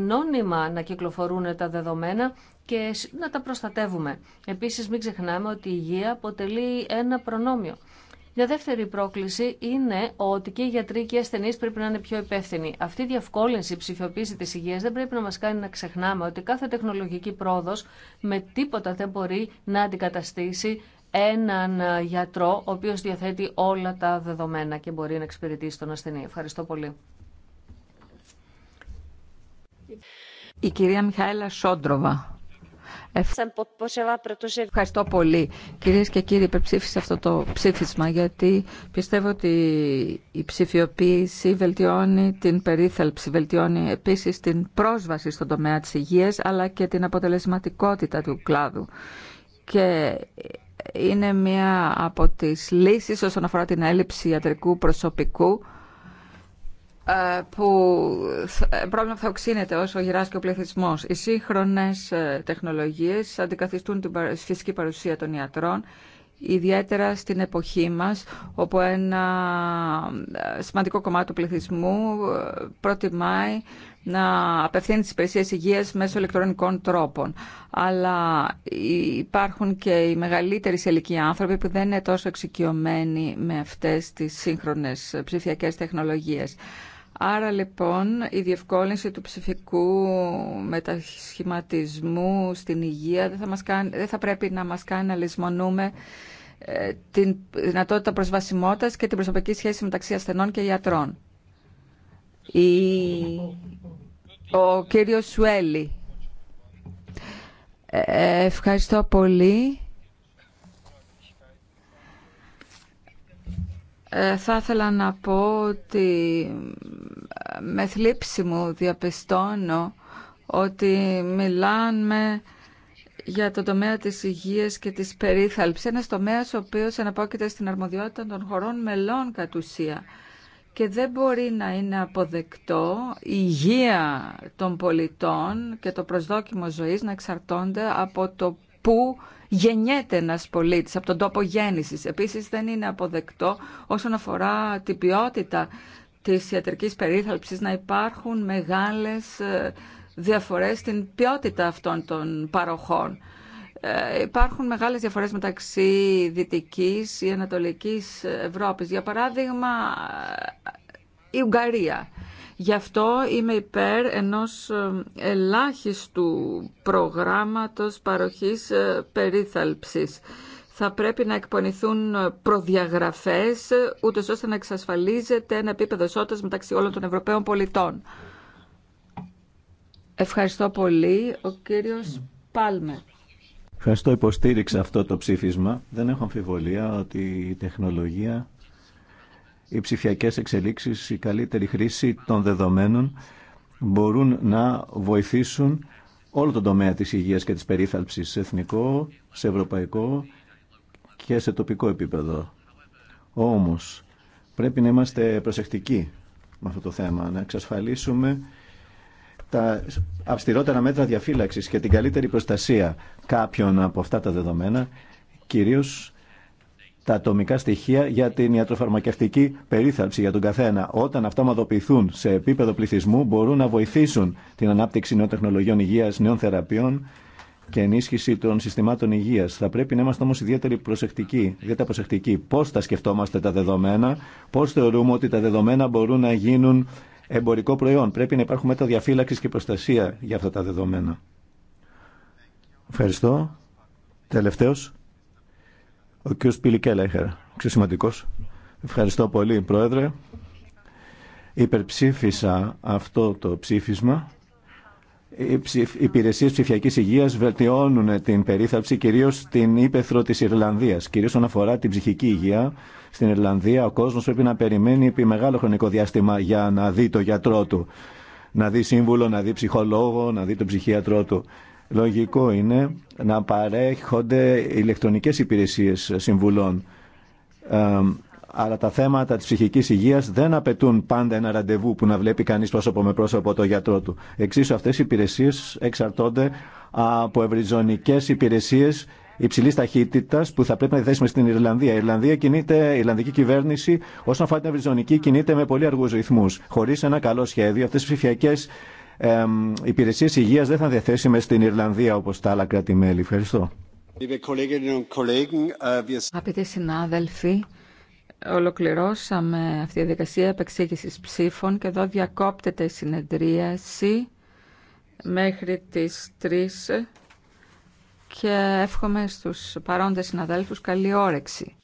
ανώνυμα να κυκλοφορούν τα δεδομένα και να τα προστατεύουμε. Επίσης μην ξεχνάμε ότι η υγεία αποτελεί ένα προνόμιο. Μια δεύτερη πρόκληση είναι ότι και οι γιατροί και οι ασθενεί πρέπει να είναι πιο υπεύθυνοι. Αυτή η διευκόλυνση, ψηφιοποίηση τη υγεία δεν πρέπει να μα κάνει να ξεχνάμε ότι κάθε τεχνολογική πρόοδο με τίποτα δεν μπορεί να αντικαταστήσει έναν ε, γιατρό ο οποίος διαθέτει όλα τα δεδομένα και μπορεί να εξυπηρετήσει τον ασθενή. Ευχαριστώ πολύ. Η κυρία Μιχαέλα Σόντροβα. Ευχαριστώ πολύ. Κυρίε και κύριοι, υπερψήφισα αυτό το ψήφισμα γιατί πιστεύω ότι η ψηφιοποίηση βελτιώνει την περίθαλψη, βελτιώνει επίση την πρόσβαση στον τομέα τη υγεία, αλλά και την αποτελεσματικότητα του κλάδου. Και είναι μία από τι λύσει όσον αφορά την έλλειψη ιατρικού προσωπικού ε, που ε, πρόβλημα θα οξύνεται όσο γυράσκει ο πληθυσμός. Οι σύγχρονες ε, τεχνολογίες αντικαθιστούν την φυσική παρουσία των ιατρών, ιδιαίτερα στην εποχή μας, όπου ένα σημαντικό κομμάτι του πληθυσμού προτιμάει να απευθύνει τις υπηρεσίε υγείας μέσω ηλεκτρονικών τρόπων. Αλλά υπάρχουν και οι μεγαλύτεροι σελικοί άνθρωποι που δεν είναι τόσο εξοικειωμένοι με αυτές τις σύγχρονες ψηφιακές τεχνολογίες. Άρα λοιπόν η διευκόλυνση του ψηφικού μετασχηματισμού στην υγεία δεν θα, μας κάνει, δεν θα πρέπει να μας κάνει να λησμονούμε ε, την δυνατότητα προσβασιμότητας και την προσωπική σχέση μεταξύ ασθενών και γιατρών. Η... Ο κύριος Σουέλη. Ε, ευχαριστώ πολύ. Ε, θα ήθελα να πω ότι ε, με θλίψη μου διαπιστώνω ότι μιλάμε για το τομέα της υγείας και της περίθαλψης, ένας τομέας ο οποίος αναπόκειται στην αρμοδιότητα των χωρών μελών κατ' ουσία. Και δεν μπορεί να είναι αποδεκτό η υγεία των πολιτών και το προσδόκιμο ζωής να εξαρτώνται από το πού γεννιέται ένας πολίτης, από τον τόπο γέννησης. Επίσης δεν είναι αποδεκτό όσον αφορά την ποιότητα της ιατρικής περίθαλψης να υπάρχουν μεγάλες ε, διαφορές στην ποιότητα αυτών των παροχών. Ε, υπάρχουν μεγάλες διαφορές μεταξύ Δυτικής ή Ανατολικής Ευρώπης. Για παράδειγμα, ε, η Ουγγαρία. Γι' αυτό είμαι υπέρ ενός ε, ελάχιστου προγράμματος παροχής ε, περίθαλψης. Θα πρέπει να εκπονηθούν προδιαγραφές, ούτως ώστε να εξασφαλίζεται ένα επίπεδο σώτας μεταξύ όλων των Ευρωπαίων πολιτών. Ευχαριστώ πολύ. Ο κύριος Πάλμερ. Ευχαριστώ υποστήριξα αυτό το ψήφισμα. Δεν έχω αμφιβολία ότι η τεχνολογία οι ψηφιακές εξελίξεις, η καλύτερη χρήση των δεδομένων μπορούν να βοηθήσουν όλο τον τομέα της υγείας και της περίθαλψης σε εθνικό, σε ευρωπαϊκό και σε τοπικό επίπεδο. Όμως πρέπει να είμαστε προσεκτικοί με αυτό το θέμα, να εξασφαλίσουμε τα αυστηρότερα μέτρα διαφύλαξης και την καλύτερη προστασία κάποιων από αυτά τα δεδομένα, κυρίως τα ατομικά στοιχεία για την ιατροφαρμακευτική περίθαλψη για τον καθένα. Όταν αυτά ομαδοποιηθούν σε επίπεδο πληθυσμού, μπορούν να βοηθήσουν την ανάπτυξη νέων τεχνολογιών υγεία, νέων θεραπείων και ενίσχυση των συστημάτων υγεία. Θα πρέπει να είμαστε όμω ιδιαίτερη προσεκτικοί. Ιδιαίτερα προσεκτικοί. Πώ θα σκεφτόμαστε τα δεδομένα, πώ θεωρούμε ότι τα δεδομένα μπορούν να γίνουν εμπορικό προϊόν. Πρέπει να υπάρχουν μέτρα διαφύλαξη και προστασία για αυτά τα δεδομένα. Ευχαριστώ. Τελευταίο. Ο κ. Πιλικέλα Ευχαριστώ πολύ, Πρόεδρε. Υπερψήφισα αυτό το ψήφισμα. Οι υπηρεσίες ψηφιακής υγείας βελτιώνουν την περίθαψη κυρίως στην ύπεθρο της Ιρλανδίας. Κυρίως όταν αφορά την ψυχική υγεία, στην Ιρλανδία ο κόσμος πρέπει να περιμένει επί μεγάλο χρονικό διάστημα για να δει το γιατρό του. Να δει σύμβουλο, να δει ψυχολόγο, να δει τον ψυχίατρό του. Λογικό είναι να παρέχονται ηλεκτρονικές υπηρεσίες συμβουλών. Αλλά τα θέματα της ψυχικής υγείας δεν απαιτούν πάντα ένα ραντεβού που να βλέπει κανείς πρόσωπο με πρόσωπο το γιατρό του. Εξίσου αυτές οι υπηρεσίες εξαρτώνται από ευρυζωνικές υπηρεσίες υψηλή ταχύτητα που θα πρέπει να θέσουμε στην Ιρλανδία. Η Ιρλανδία κινείται, η Ιρλανδική κυβέρνηση, όσον αφορά την ευρυζωνική, κινείται με πολύ αργού ρυθμού. Χωρί ένα καλό σχέδιο, αυτέ οι ψηφιακέ ε, υπηρεσίες υγείας δεν θα διαθέσιμε στην Ιρλανδία όπως τα άλλα κράτη-μέλη. Ευχαριστώ. Äh, Αγαπητοί συνάδελφοι, ολοκληρώσαμε αυτή τη διαδικασία επεξήγησης ψήφων και εδώ διακόπτεται η συνεδρίαση μέχρι τις 3 και εύχομαι στους παρόντες συναδέλφους καλή όρεξη.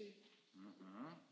Mm -hmm.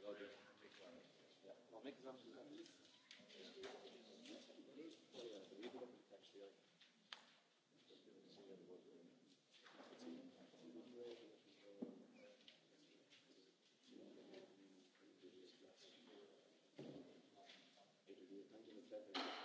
Υπότιτλοι AUTHORWAVE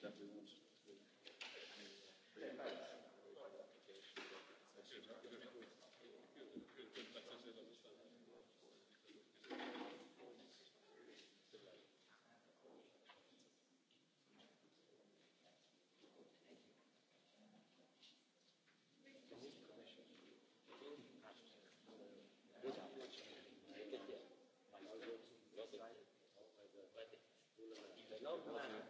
Υπότιτλοι AUTHORWAVE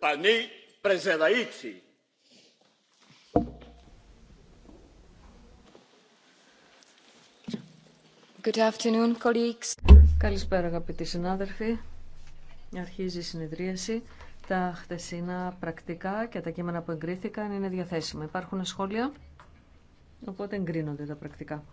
Πανί Good afternoon, colleagues. Καλησπέρα αγαπητοί συνάδελφοι. Αρχίζει η συνεδρίαση. Τα χτεσινά πρακτικά και τα κείμενα που εγκρίθηκαν είναι διαθέσιμα. Υπάρχουν σχόλια, οπότε εγκρίνονται τα πρακτικά.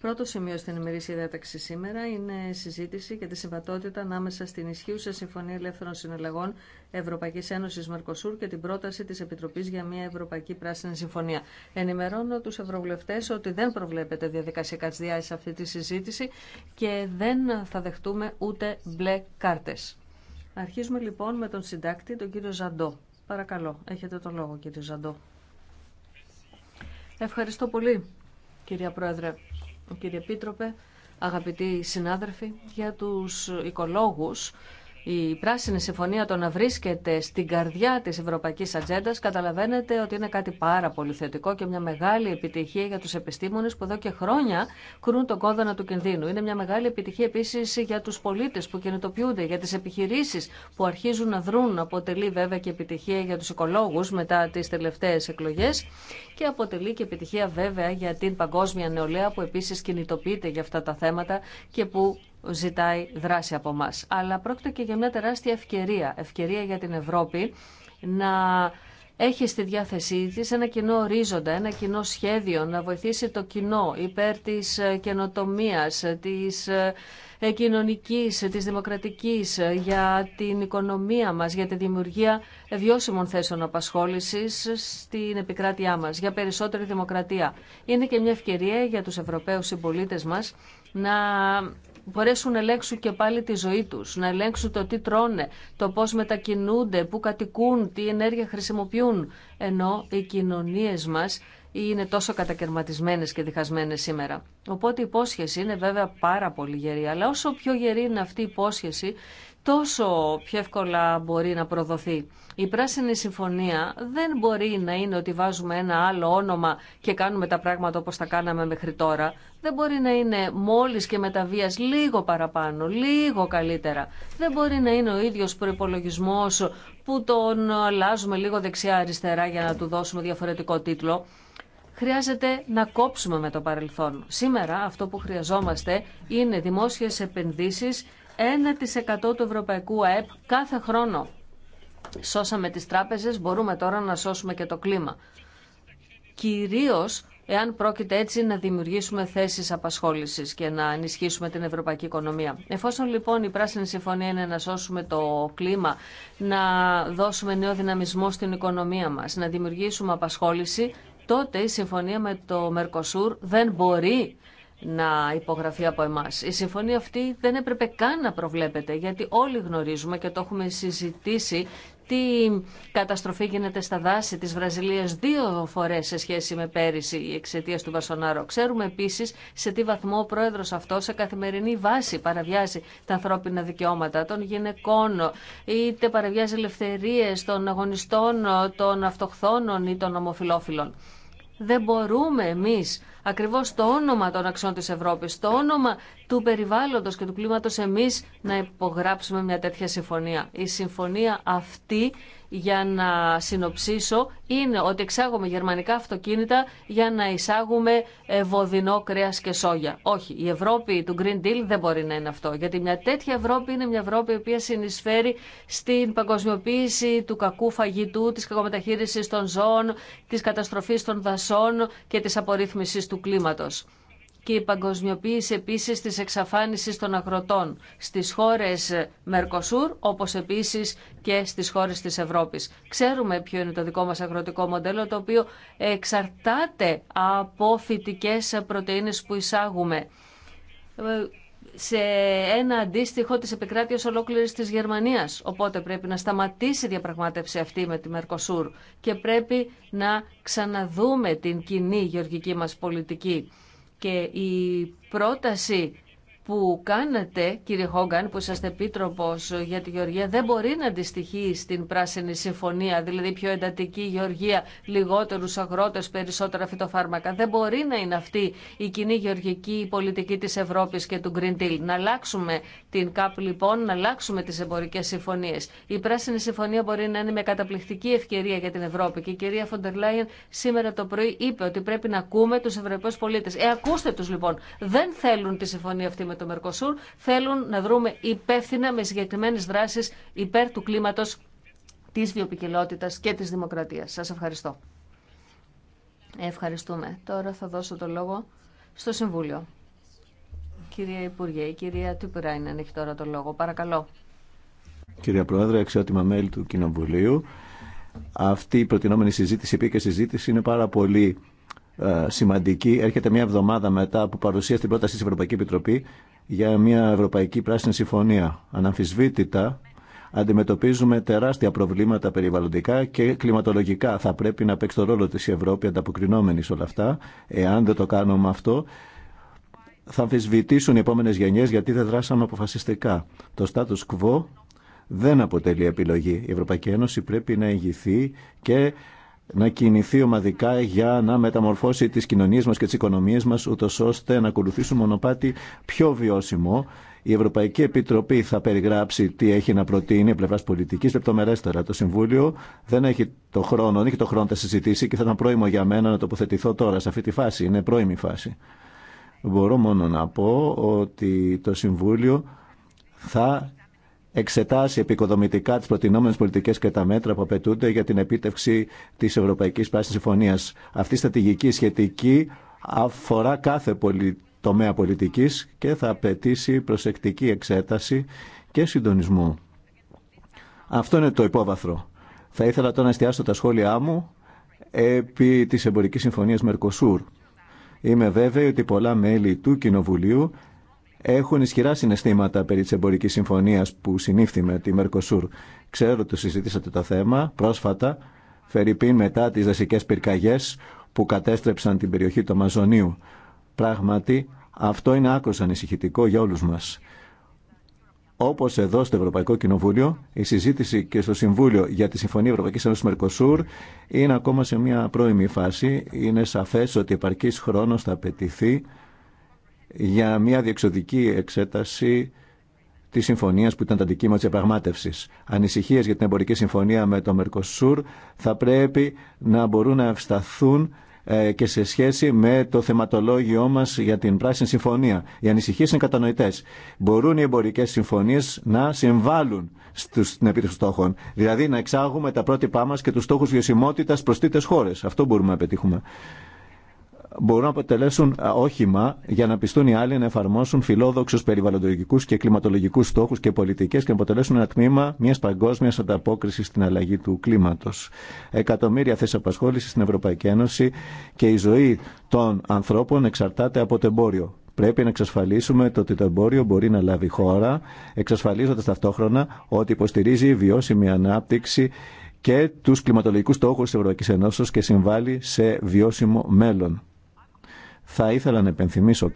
Πρώτο σημείο στην ημερήσια διάταξη σήμερα είναι συζήτηση για τη συμβατότητα ανάμεσα στην ισχύουσα Συμφωνία Ελεύθερων Συνελεγών Ευρωπαϊκή Ένωση Μαρκοσούρ και την πρόταση τη Επιτροπή για μια Ευρωπαϊκή Πράσινη Συμφωνία. Ενημερώνω του Ευρωβουλευτέ ότι δεν προβλέπεται διαδικασία κατσδιά σε αυτή τη συζήτηση και δεν θα δεχτούμε ούτε μπλε κάρτε. Αρχίζουμε λοιπόν με τον συντάκτη, τον κύριο Ζαντό. Παρακαλώ, έχετε τον λόγο, κύριε Ζαντό. Ευχαριστώ πολύ, κυρία Πρόεδρε κύριε Πίτροπε, αγαπητοί συνάδελφοι, για τους οικολόγους η Πράσινη Συμφωνία το να βρίσκεται στην καρδιά της ευρωπαϊκής ατζέντας καταλαβαίνετε ότι είναι κάτι πάρα πολύ θετικό και μια μεγάλη επιτυχία για τους επιστήμονες που εδώ και χρόνια κρούν τον κόδωνα του κινδύνου. Είναι μια μεγάλη επιτυχία επίσης για τους πολίτες που κινητοποιούνται, για τις επιχειρήσεις που αρχίζουν να δρούν. Αποτελεί βέβαια και επιτυχία για τους οικολόγους μετά τις τελευταίες εκλογές και αποτελεί και επιτυχία βέβαια για την παγκόσμια νεολαία που επίσης κινητοποιείται για αυτά τα θέματα και που ζητάει δράση από εμά. Αλλά πρόκειται και για μια τεράστια ευκαιρία. Ευκαιρία για την Ευρώπη να έχει στη διάθεσή τη ένα κοινό ορίζοντα, ένα κοινό σχέδιο, να βοηθήσει το κοινό υπέρ τη καινοτομία, της ε, ε, ε, κοινωνική, της δημοκρατικής, για την οικονομία μας, για τη δημιουργία βιώσιμων θέσεων απασχόλησης στην επικράτειά μας, για περισσότερη δημοκρατία. Είναι και μια ευκαιρία για τους Ευρωπαίου συμπολίτε μα να μπορέσουν να ελέγξουν και πάλι τη ζωή τους, να ελέγξουν το τι τρώνε, το πώς μετακινούνται, πού κατοικούν, τι ενέργεια χρησιμοποιούν, ενώ οι κοινωνίε μας είναι τόσο κατακερματισμένες και διχασμένες σήμερα. Οπότε η υπόσχεση είναι βέβαια πάρα πολύ γερή, αλλά όσο πιο γερή είναι αυτή η υπόσχεση, τόσο πιο εύκολα μπορεί να προδοθεί. Η Πράσινη Συμφωνία δεν μπορεί να είναι ότι βάζουμε ένα άλλο όνομα και κάνουμε τα πράγματα όπως τα κάναμε μέχρι τώρα. Δεν μπορεί να είναι μόλις και μεταβίας λίγο παραπάνω, λίγο καλύτερα. Δεν μπορεί να είναι ο ίδιος προπολογισμό που τον αλλάζουμε λίγο δεξιά-αριστερά για να του δώσουμε διαφορετικό τίτλο χρειάζεται να κόψουμε με το παρελθόν. Σήμερα αυτό που χρειαζόμαστε είναι δημόσιες επενδύσεις 1% του ευρωπαϊκού ΑΕΠ κάθε χρόνο σώσαμε τις τράπεζες, μπορούμε τώρα να σώσουμε και το κλίμα. Κυρίως εάν πρόκειται έτσι να δημιουργήσουμε θέσεις απασχόλησης και να ενισχύσουμε την ευρωπαϊκή οικονομία. Εφόσον λοιπόν η Πράσινη Συμφωνία είναι να σώσουμε το κλίμα, να δώσουμε νέο δυναμισμό στην οικονομία μας, να δημιουργήσουμε απασχόληση, τότε η συμφωνία με το Μερκοσούρ δεν μπορεί να υπογραφεί από εμά. Η συμφωνία αυτή δεν έπρεπε καν να προβλέπεται, γιατί όλοι γνωρίζουμε και το έχουμε συζητήσει τι καταστροφή γίνεται στα δάση της Βραζιλίας δύο φορές σε σχέση με πέρυσι εξαιτία του Βασονάρο. Ξέρουμε επίσης σε τι βαθμό ο πρόεδρος αυτό σε καθημερινή βάση παραβιάζει τα ανθρώπινα δικαιώματα των γυναικών, είτε παραβιάζει ελευθερίες των αγωνιστών, των αυτοχθόνων ή των ομοφιλόφιλων. Δεν μπορούμε εμείς ακριβώς το όνομα των αξιών της Ευρώπης, το όνομα του περιβάλλοντος και του κλίματος εμείς να υπογράψουμε μια τέτοια συμφωνία. Η συμφωνία αυτή, για να συνοψίσω, είναι ότι εξάγουμε γερμανικά αυτοκίνητα για να εισάγουμε ε, βοδινό κρέας και σόγια. Όχι, η Ευρώπη του Green Deal δεν μπορεί να είναι αυτό, γιατί μια τέτοια Ευρώπη είναι μια Ευρώπη η οποία συνεισφέρει στην παγκοσμιοποίηση του κακού φαγητού, της κακομεταχείριση των ζώων, της καταστροφής των δασών και της απορρίθμισης του κλίματος και η παγκοσμιοποίηση επίσης της εξαφάνισης των αγροτών στις χώρες Μερκοσούρ, όπως επίσης και στις χώρες της Ευρώπης. Ξέρουμε ποιο είναι το δικό μας αγροτικό μοντέλο, το οποίο εξαρτάται από φυτικές πρωτεΐνες που εισάγουμε. Ε, σε ένα αντίστοιχο της επικράτειας ολόκληρης της Γερμανίας. Οπότε πρέπει να σταματήσει η διαπραγμάτευση αυτή με τη Μερκοσούρ και πρέπει να ξαναδούμε την κοινή γεωργική μας πολιτική. Και η πρόταση που κάνετε, κύριε Χόγκαν, που είσαστε επίτροπο για τη Γεωργία, δεν μπορεί να αντιστοιχεί στην Πράσινη Συμφωνία, δηλαδή πιο εντατική Γεωργία, λιγότερου αγρότε, περισσότερα φυτοφάρμακα. Δεν μπορεί να είναι αυτή η κοινή γεωργική πολιτική τη Ευρώπη και του Green Deal. Να αλλάξουμε την ΚΑΠ, λοιπόν, να αλλάξουμε τι εμπορικέ συμφωνίε. Η Πράσινη Συμφωνία μπορεί να είναι μια καταπληκτική ευκαιρία για την Ευρώπη. Και η κυρία Φοντερ Λάιεν σήμερα το πρωί είπε ότι πρέπει να ακούμε του Ευρωπαίου πολίτε. Ε, του, λοιπόν. Δεν θέλουν τη συμφωνία αυτή με το Μερκοσούρ θέλουν να δρούμε υπεύθυνα με συγκεκριμένε δράσει υπέρ του κλίματο τη βιοπικιλότητα και τη δημοκρατία. Σα ευχαριστώ. Ευχαριστούμε. Τώρα θα δώσω το λόγο στο Συμβούλιο. Κυρία Υπουργέ, η κυρία αν έχει τώρα το λόγο. Παρακαλώ. Κυρία Πρόεδρε, αξιότιμα μέλη του Κοινοβουλίου, αυτή η προτινόμενη συζήτηση, η συζήτηση είναι πάρα πολύ ε, σημαντική. Έρχεται μια εβδομάδα μετά που παρουσίασε την πρόταση τη Ευρωπαϊκή Επιτροπή για μια Ευρωπαϊκή Πράσινη Συμφωνία. Αναμφισβήτητα αντιμετωπίζουμε τεράστια προβλήματα περιβαλλοντικά και κλιματολογικά. Θα πρέπει να παίξει το ρόλο της η Ευρώπη ανταποκρινόμενη σε όλα αυτά. Εάν δεν το κάνουμε αυτό, θα αμφισβητήσουν οι επόμενες γενιές γιατί δεν δράσαμε αποφασιστικά. Το status quo δεν αποτελεί επιλογή. Η Ευρωπαϊκή Ένωση πρέπει να ηγηθεί και να κινηθεί ομαδικά για να μεταμορφώσει τις κοινωνίες μας και τις οικονομίες μας, ούτως ώστε να ακολουθήσουν μονοπάτι πιο βιώσιμο. Η Ευρωπαϊκή Επιτροπή θα περιγράψει τι έχει να προτείνει πλευρά πολιτική λεπτομερέστερα. Το Συμβούλιο δεν έχει το χρόνο, δεν έχει το χρόνο να συζητήσει και θα ήταν πρόημο για μένα να τοποθετηθώ τώρα σε αυτή τη φάση. Είναι πρώιμη φάση. Μπορώ μόνο να πω ότι το Συμβούλιο θα εξετάσει επικοδομητικά τι προτινόμενε πολιτικέ και τα μέτρα που απαιτούνται για την επίτευξη τη Ευρωπαϊκή Πράσινη Συμφωνία. Αυτή η στρατηγική σχετική αφορά κάθε πολι... τομέα πολιτική και θα απαιτήσει προσεκτική εξέταση και συντονισμό. Αυτό είναι το υπόβαθρο. Θα ήθελα τώρα να εστιάσω τα σχόλιά μου επί της εμπορικής συμφωνίας Μερκοσούρ. Είμαι βέβαιη ότι πολλά μέλη του Κοινοβουλίου έχουν ισχυρά συναισθήματα περί της εμπορικής συμφωνίας που συνήφθη με τη Μερκοσούρ. Ξέρω ότι συζητήσατε το θέμα πρόσφατα, Φερρυπίν μετά τις δασικές πυρκαγιές που κατέστρεψαν την περιοχή του Αμαζονίου. Πράγματι, αυτό είναι άκρως ανησυχητικό για όλους μας. Όπως εδώ στο Ευρωπαϊκό Κοινοβούλιο, η συζήτηση και στο Συμβούλιο για τη Συμφωνία Ευρωπαϊκής Ένωσης Μερκοσούρ είναι ακόμα σε μια πρώιμη φάση. Είναι σαφές ότι επαρκής χρόνος θα απαιτηθεί για μια διεξοδική εξέταση τη συμφωνία που ήταν τα αντικείμενο τη διαπραγμάτευση. Ανησυχίε για την εμπορική συμφωνία με το Μερκοσούρ θα πρέπει να μπορούν να ευσταθούν ε, και σε σχέση με το θεματολόγιο μα για την Πράσινη Συμφωνία. Οι ανησυχίε είναι κατανοητέ. Μπορούν οι εμπορικέ συμφωνίε να συμβάλλουν στην επίτευξη στόχων. Δηλαδή να εξάγουμε τα πρότυπά μα και του στόχου βιωσιμότητα προ χώρε. Αυτό μπορούμε να πετύχουμε μπορούν να αποτελέσουν όχημα για να πιστούν οι άλλοι να εφαρμόσουν φιλόδοξου περιβαλλοντολογικού και κλιματολογικού στόχου και πολιτικέ και να αποτελέσουν ένα τμήμα μια παγκόσμια ανταπόκριση στην αλλαγή του κλίματο. Εκατομμύρια θέσει απασχόληση στην Ευρωπαϊκή Ένωση και η ζωή των ανθρώπων εξαρτάται από το εμπόριο. Πρέπει να εξασφαλίσουμε το ότι το εμπόριο μπορεί να λάβει χώρα, εξασφαλίζοντα ταυτόχρονα ότι υποστηρίζει βιώσιμη ανάπτυξη και του κλιματολογικού στόχου τη Ευρωπαϊκή Ενώσεως και συμβάλλει σε βιώσιμο μέλλον. Θα ήθελα να επενθυμίσω